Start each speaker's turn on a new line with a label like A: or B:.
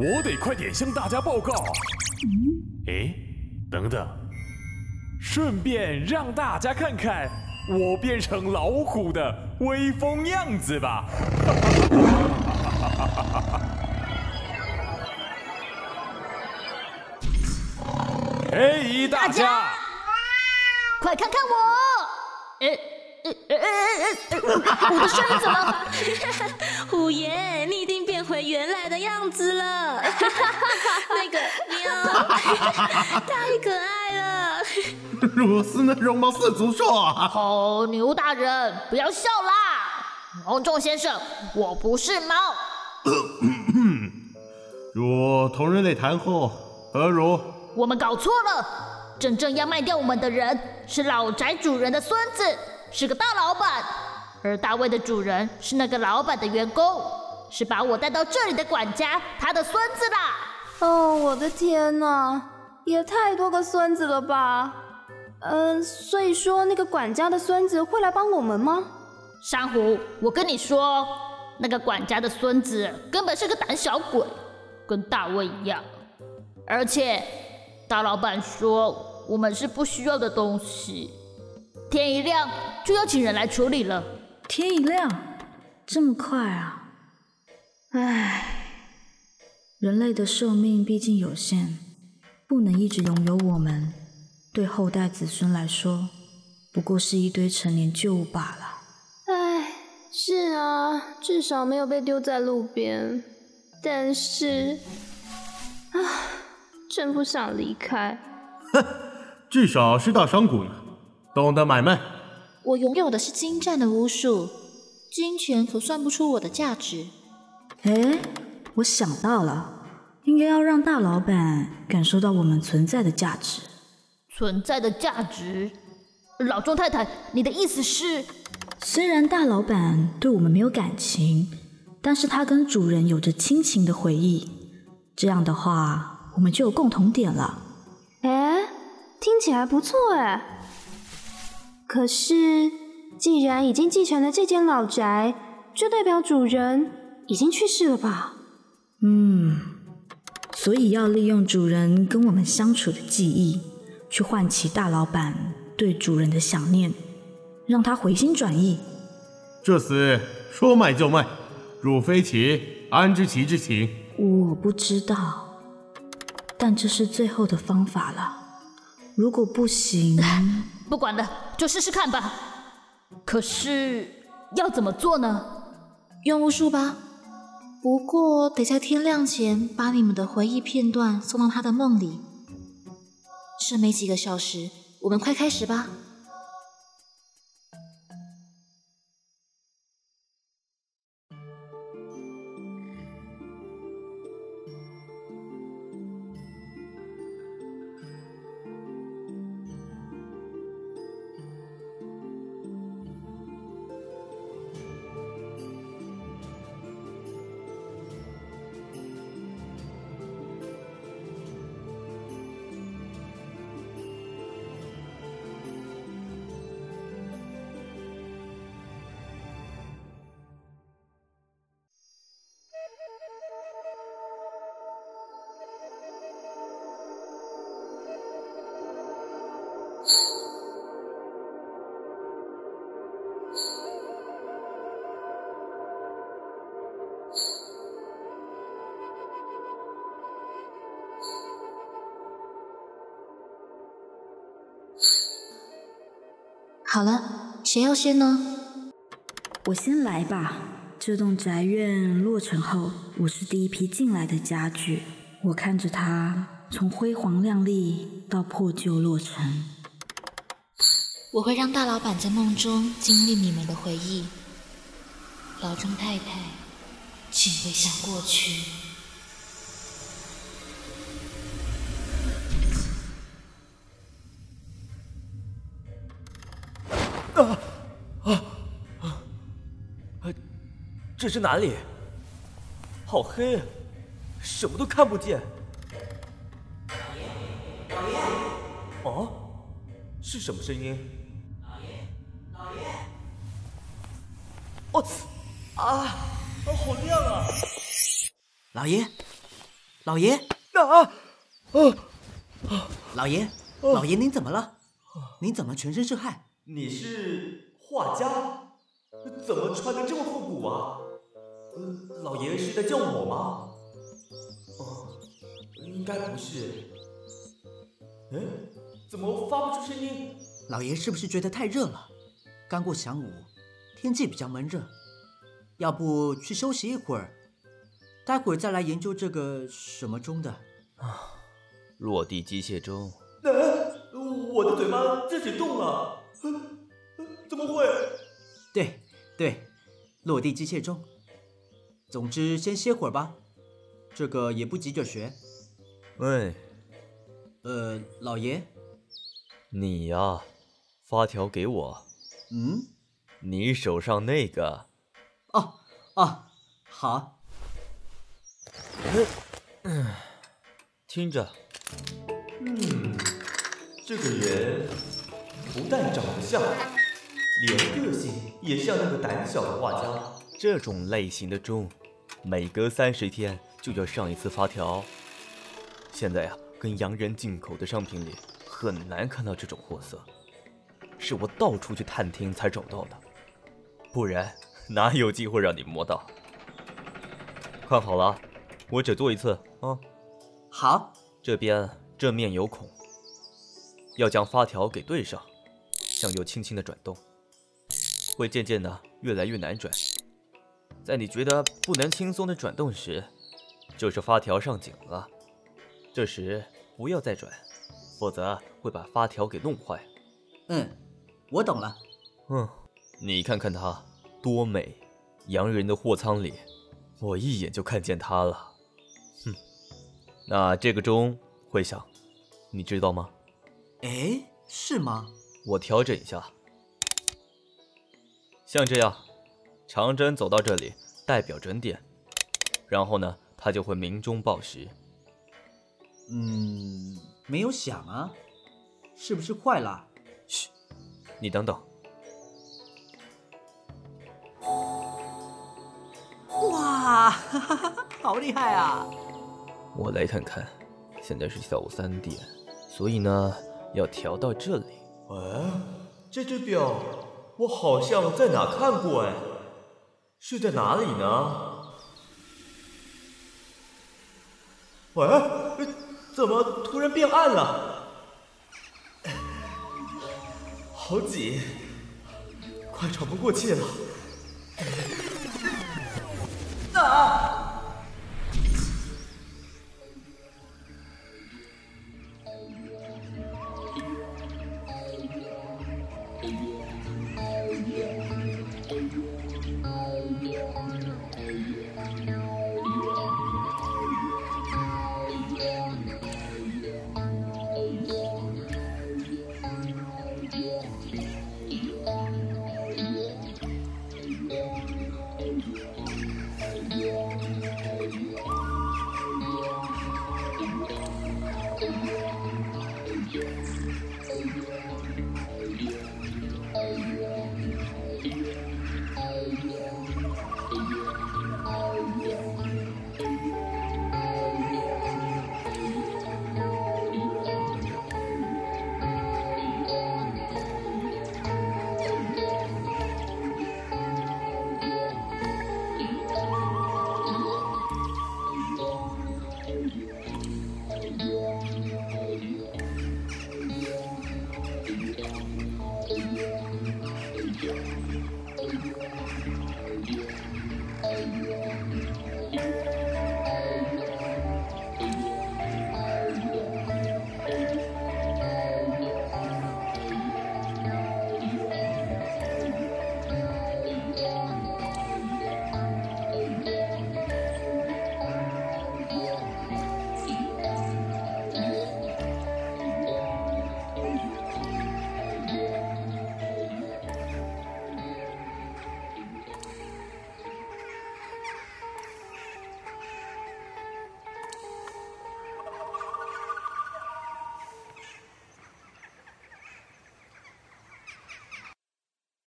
A: 我得快點向大家報告，啊。哎，等等，順便讓大家看看我變成老虎的威風樣子吧。哎，
B: 大家、大家，啊，快看看我！哎，哎哎哎哎哎！我的身子怎麼了？哈哈哈，虎爺。 原來的樣子了， 那個喵 太可愛了。
C: 如此那絨毛是足錯。好，
B: 牛大人不要笑啦，農眾先生，我不是貓。咳
A: 咳咳，如同人類談後何如？
B: 我們搞錯了，真正要賣掉我們的人是老宅主人的孫子，是個大老闆，而大衛的主人是那個老闆的員工。是把我帶到這裡的管家，他的孫子啦！哦，我的天哪，也太多個孫子了吧！嗯，所以說那個管家的孫子會來幫我們嗎？珊瑚，我跟你說，那個管家的孫子根本是個膽小鬼，跟大衛一樣。而且大老板說我們是不需要的東西，天一亮就要請人來處理了。天一亮，這麼快啊！唉，人類的壽命畢竟有限，不能一直擁有我們。對後代子孫來說，不過是一堆陳年舊物罷了。唉，是啊，至少沒有被丟在路邊。但是，啊，真不想離開。
A: 哼，至少是大商賈呢，懂得買賣。
B: 我擁有的是精湛的巫術，金錢可算不出我的價值。哎，我想到了，應該要讓大老板感受到我們存在的價值。存在的價值？老鐘太太，你的意思是？雖然大老板對我們沒有感情，但是他跟主人有着親情的回憶，這樣的話，我們就有共同點了。哎，聽起來不錯哎。可是，既然已經繼承了這間老宅，就代表主人。已經去世了吧？嗯，所以要利用主人跟我們相處的記憶，去喚起大老板對主人的想念，讓他回心轉意。
A: 這次說賣就賣，汝非其安知其之情。
B: 我不知道，但這是最後的方法了。如果不行，不管了，就試試看吧。可是要怎麼做呢？用巫術吧。不過得在天亮前把你們的回憶片段送到他的夢裡，剩沒幾個小時，我們快開始吧。好了，誰要先呢？我先來吧。這棟宅院落成後，我是第一批進來的家具。我看着它從輝煌亮麗到破舊落成。我會讓大老板在夢中經歷你們的回憶。老鐘太太，請回想過去。
A: 啊啊啊！這是哪裡？好黑，啊，什麼都看不見。老爺，老爺。哦，是什麼聲音？老爺，老爺。我操，哦啊！啊，好亮啊！老爺，老爺。啊啊啊！啊啊老爺，老爺，啊、您怎麼了？啊、您怎麼全身是汗？你是畫家，怎麼穿的這麼復古啊？呃，老爺是在叫我嗎？哦，應該不是。嗯，怎麼發不出聲音？老爺是不是覺得太熱了？剛過晌午，天氣比較悶熱，要不去休息一會兒，待會兒再來研究這個什麼鐘的啊？落地機械鐘。我的嘴巴自己動了。不會，對，對，落地機械鐘。總之先歇會兒吧，這個也不急着學。喂，呃，老爺。你呀、啊，發條給我。嗯，你手上那個。哦哦、啊，好。嗯，聽着。嗯，這個人不但長得像，連個性也像那個膽小的畫家。這種類型的鐘，每隔三十天就要上一次發條。現在呀、啊，跟洋人進口的商品裡很難看到這種貨色，是我到處去探聽才找到的，不然哪有機會讓你摸到？看好了，我只做一次啊！好、嗯，哈這邊正面有孔，要將發條給對上，向右輕輕地轉動。會漸漸的越來越難轉，在你覺得不能輕鬆的轉動時，就是發條上緊了。這時不要再轉，否則會把發條給弄壞。嗯，我懂了。嗯，你看看他多美！洋人的貨倉裡，我一眼就看見他了。哼，那這個鐘會響，你知道嗎？哎，是嗎？我調整一下。像這樣，長針走到這裡代表整點，然後呢，它就會鳴鐘報時。嗯，沒有響啊，是不是壞了？噓，你等等。哇哈哈，好厲害啊！我來看看，現在是下午三點，所以呢，要調到這裡。哎，這隻表。我好像在哪看過哎，是在哪裡呢？喂，怎麼突然變暗了？好緊，快喘不過氣
C: 了！啊！